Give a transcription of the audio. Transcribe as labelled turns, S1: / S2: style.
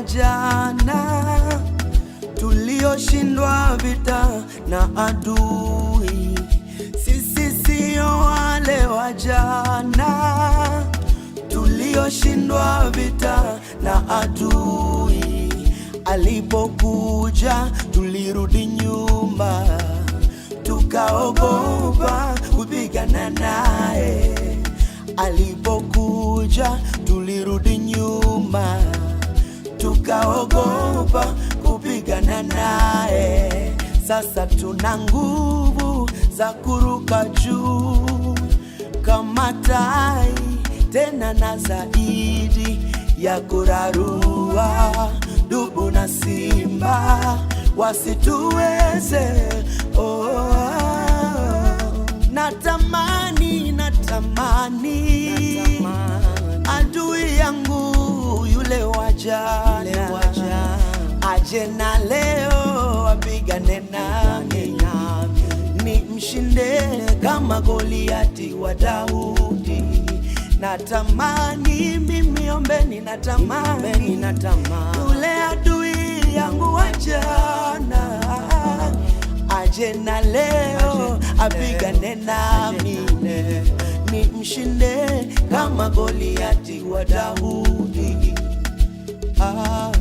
S1: Jana tulioshindwa vita na adui. walioshindwa vita na adui. Alipokuja tulirudi nyuma, tukaogopa kupigana naye. Alipokuja tulirudi nyuma, tukaogopa kupigana naye. Sasa tuna nguvu za kuruka juu kama taa na zaidi ya kurarua dubu na simba wasituweze. Oh, natamani natamani adui yangu yule waja aje na leo apigane nami ni mshinde kama Goliati wa Daudi natamani mimi ombeni, natamani ule adui yangu wajana aje na leo apigane nami ni mshinde kama Goliati wa Daudi ah.